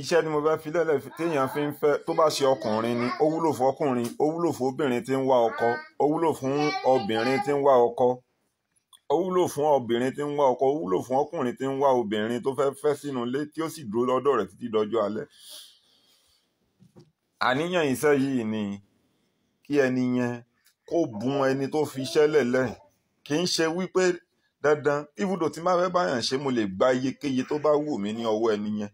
iṣẹ́ ni mo fẹ́ fi lẹ́lẹ̀ téèyàn fi ń fẹ́ tó bá ṣe ọkùnrin ni ó wúlò fún ọkùnrin ó wúlò fún obìnrin tí ń wá ọkọ ó wúlò fún obìnrin tí ń wá ọkọ ó wúlò fún obìnrin tí ń wá ọkọ ó wúlò fún ọkùnrin tí ń wá obìnrin tó fẹ́ fẹ́ sínú ilé tí ó sì dúró lọ́dọ̀ rẹ̀ títí dọjọ́ alẹ́ àníyàn iṣẹ́ yìí ni kí ẹni yẹn kó bùn ẹni tó fi iṣẹ́ lẹ̀lẹ̀ kì í ṣe wípé dandan ibùdó tí má fẹ́ báyàn ṣe mo lè gba iyekeye tó bá wù mí ní ọwọ́ ẹni yẹn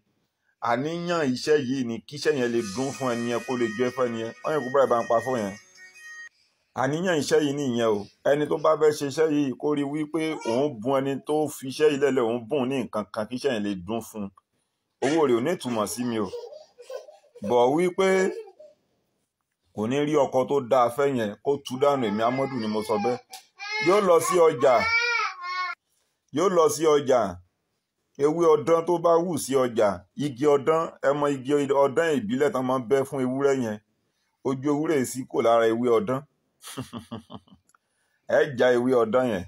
àníyàn iṣẹ́ yìí ni kíṣẹ́ yẹn lè dún fún ẹni yẹn kó lè jẹ́ fún ẹni yẹn wọ́n yẹn kó bẹ̀rẹ̀ bá ń pa fún yẹn àníyàn iṣẹ́ yìí nìyẹn o ẹni tó bá fẹ́ ṣe iṣẹ́ yìí kó rí wípé òun bùn ẹni tó fi iṣẹ́ yìí lẹ́lẹ̀ òun bùn ní nǹkan kan kíṣẹ́ yẹn lè dún fún owó rẹ̀ ò ní ìtumọ̀ sí mi o bọ̀ wípé kò ní rí ọkọ tó dáa fẹ́ yẹn kó tú dànù èmi amọ́dù ni mo sọ bẹ́ẹ̀ yóò lọ sí ọjà yóò lọ sí ọjà ewé ọdán tó bá wù sí ọjà igi ọdán ẹmọ igi ọdán ìbílẹ̀ tán máa ń bẹ́ fún ewúrẹ́ yẹn ojú ewúrẹ́ sì kò lára ewé ọdán ẹ já ewé ọdán yẹn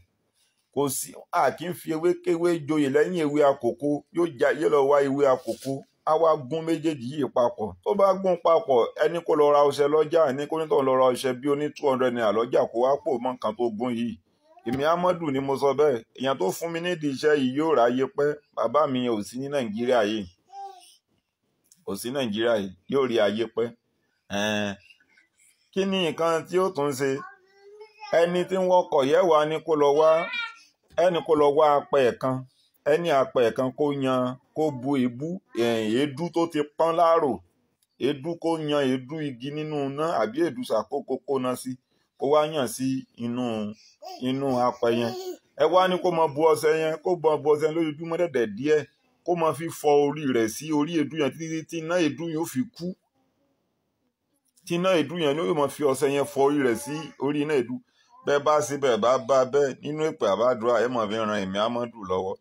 kò sí a kì í fi ewé kéwé joyè lẹ́yìn ewé àkókò yóò já yé lọ wá ewé àkókò á wá gún méjèèjì yìí papọ̀ tó bá gún papọ̀ ẹni kó lọ ra ọṣẹ lọ́jà ẹni kó ní tó lọ ra ọṣẹ bí ó ní two hundred naira lọ́jà kó wá pò mọ́ nǹkan tó gún yìí èmi amadu ni mo sọ bẹ́ẹ̀ èèyàn tó fún mi nídìí iṣẹ́ yìí yóò ráyé pẹ́ bàbá mi ò sí ní nàìjíríà yìí ò sí nàìjíríà yìí yóò rí ayé pẹ́ kí ni nǹkan tí ó tún ṣe ẹni tí wọ́n kọ̀ yẹ́ wa ni kó lọ wá ẹni kó lọ wá apẹ̀ kan ẹni apẹ̀ kan kó yan kó bu èébú èédú tó ti pọ́n láàrò èédú kó yan èédú igi nínú iná àbí èédú ṣàkókò kó ná sí. Si kó wá yàn sí inú inú apẹ yẹn ẹ wá ní kó mọ bu ọṣẹ yẹn kó bọ bu ọṣẹ yẹn lójoojúmọ́ dẹ̀dẹ̀ díẹ̀ kó mọ fi fọ orí rẹ̀ sí orí èédú yẹn títí tí iná èédú yẹn ó fi kú tí iná èédú yẹn ni ó mọ fi ọṣẹ yẹn fọ orí rẹ̀ sí orí iná èédú bẹ́ẹ̀ bá síbẹ̀ bá bá bẹ́ẹ̀ nínú ìpè àbádúrà ẹ mọ̀ fi ran èmi amadu lọ́wọ́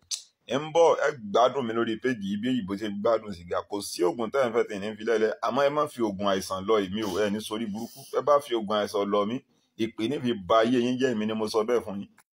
ẹ ń bọ̀ ẹ gbádùn mi lórí péjì ibi èyí bó ṣe gbádùn sìgá kò sí oògùn tẹ́ ẹ fẹ́ tẹ̀ ní filẹ̀ lẹ àmọ́ ẹ má fi oògùn àìsàn lọ èmi ò ẹ ní sórí burúkú ẹ bá fi oògùn àìsàn lọ mí ìpè nífi ba ayé yín jẹ́ èmi ni mo sọ bẹ́ẹ̀ fún yín.